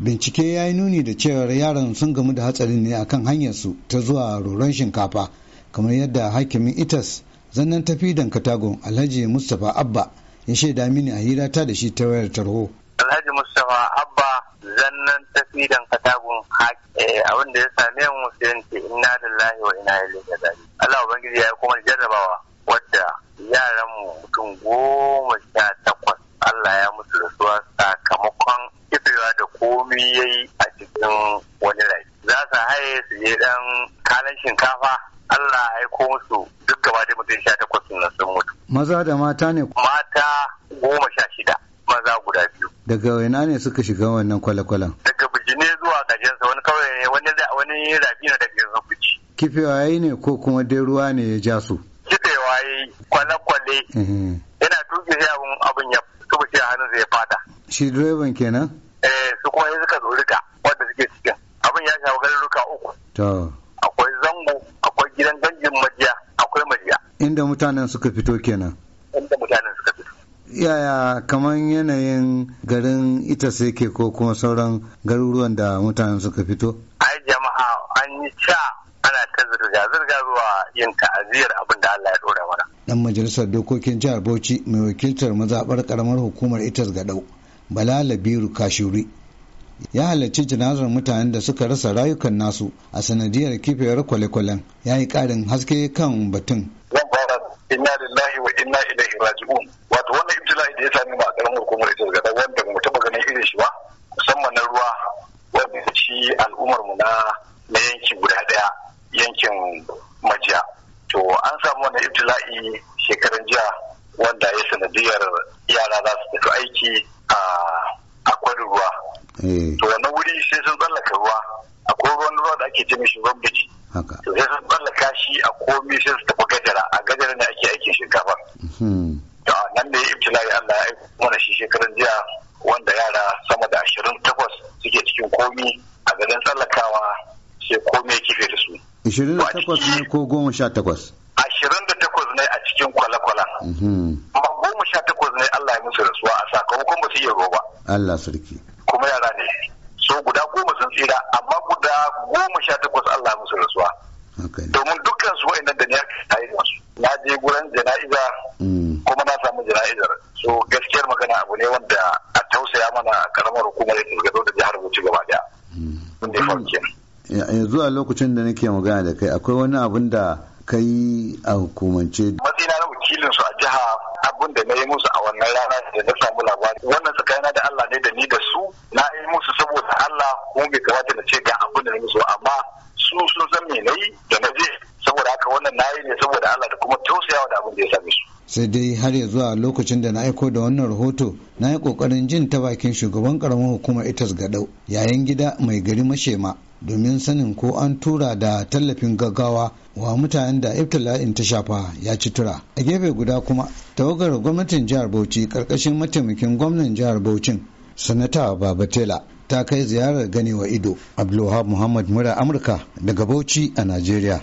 bincike ya yi nuni da cewar yaran sun gamu da hatsarin ne akan hanyarsu ta zuwa roron shinkafa kamar yadda hakimin itas zannan tafi dan alhaji mustapha abba ya shaida mini a hira ta da shi ta wayar tarho alhaji mustapha abba zannan tafi dan katagon eh, abin da ya same mu musulunci ce inna lillahi wa inna ilaihi raji'un Allah ubangiji ya kuma jarrabawa wadda yaran mu mutum goma sha takwas Allah ya mutu gumi ya yi a cikin wani rai za su haye su yi dan kalan shinkafa Allah ya aiko musu duk gaba da mutum sha takwas sun nasu mutu. Maza da mata ne? Mata goma sha shida maza guda biyu. Daga waina ne suka shiga wannan kwale-kwalen? Daga bijine zuwa gajensa wani kawai ne wani wani rafi na daga yanzu bici. Kifewa yayi ne ko kuma dai ruwa ne ya ja su? Kifewa yayi kwale-kwale. Yana tuki sai abin ya tubuce hannun zai fada. Shi direban kenan? kuma yanzu ka zuri ta wanda suke cikin abin ya shafi garuruka uku akwai zango akwai gidan gangin majiya akwai majiya inda mutanen suka fito kenan inda mutanen suka fito yaya kamar yanayin garin ita sai ke ko kuma sauran garuruwan da mutanen suka fito ai jama'a an yi sha ana ta zirga-zirga zuwa yin ta'aziyar abin da Allah ya dora mana dan majalisar dokokin jihar Bauchi mai wakiltar mazabar karamar hukumar Itas Gadau Bala Labiru Kashuri ya halarci janazar mutanen da suka rasa rayukan nasu a sanadiyar kifiyar kwale-kwalen ya yi ƙarin haske kan batun. inna lillahi wa inna ilaihi raji'un wato wannan ibtila'i da ya sami ba karamar hukumar ita gada wanda mu taba ganin irin shi ba musamman na ruwa wanda ya ci al'ummar mu na na yanki guda daya yankin majiya to an samu wannan ibtila'i shekaran jiya wanda ya sanadiyar yara za su tafi aiki a kwarin ruwa Eh. to wani wuri sai sun tsallaka ruwa a ruwan ruwa da ake ce mishi ruwan biki to sai sun tsallaka shi a komi sai su tafi gajara a gajara ne ake aikin shinkafa hmm. to a nan ne ibtila'i Allah ya yi mana shi shekaran jiya wanda yara sama da ashirin takwas suke cikin komi a garin tsallakawa sai komi ya kife da su. Ashirin da takwas ne ko goma sha takwas? Ashirin da takwas ne a cikin kwale-kwalen. Hmm. goma sha takwas ne Allah ya musu rasuwa a sakamakon ba su iya ruwa ba. Allah sarki. goma sha takwas Allah musu rasuwa domin dukkan su wa'annan da ni aka yi masu na je gurin jana'iza mm. kuma na samu jana'izar so gaskiyar magana abu ne wanda a tausaya mana karamar hukumar yake gado da jihar Bauchi gaba daya mm. mm. yanzu a lokacin da nake magana da kai akwai wani abun da ka yi a hukumance matsina na wakilin su a jiha abun da na yi musu a wannan rana da na samu labari wannan na da Allah ne da ni da su na yi musu saboda Allah kuma bai kamata na ce ga sai dai har ya zuwa lokacin da na aiko da wannan rahoto na yi kokarin jin ta bakin shugaban karamar hukumar itas gadau yayin gida mai gari mashema domin sanin ko an tura da tallafin gaggawa wa mutanen da ibtila'in ta shafa ya ci tura a gefe guda kuma tawagar gwamnatin jihar bauchi karkashin mataimakin gwamnan jihar bauchin sanata babatela ta kai ziyarar ganewa ido abdulwahab muhammad mura amurka daga bauchi a najeriya